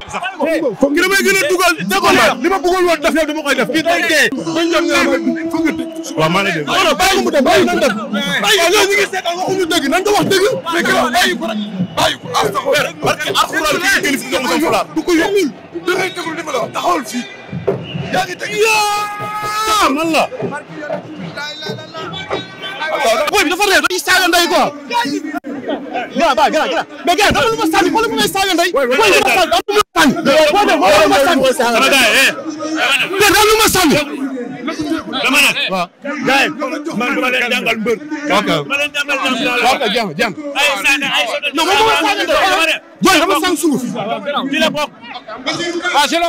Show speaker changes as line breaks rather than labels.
ki damay gën dugal dëggal li ma bëggul woon def yow dama koy def kii day dee bañ dem ñaar fëgg waaw maa ngi dégg non non bàyyi ko mu dem bàyyi nan def bàyyi yow ñu ngi seetal waxuñu dëgg nan ko wax dëgg ko rek bàyyi ko ah, da ngay déglu li ma la yaa ngi dégg booy bi dafa réer dañuy saaga ndey quoi. gannaaw ba gannaaw gannaaw mais gars dafa lu ma sànni xoolal mu ngay saaga ndey. booy bi dafa sànni dafa lu ma sànni. booy bi dafa lu ma sànni. mais dafa lu ma sànni. dama nag. waaw gars yi man dama leen jàngal mbër. ok dama leen jàngal jàngal. ok jàng jàng. ay sànni ay sànni. non moom moo ma sànni ndey. booy dafa sànni sunguf. ci la bokk. waaw ci la.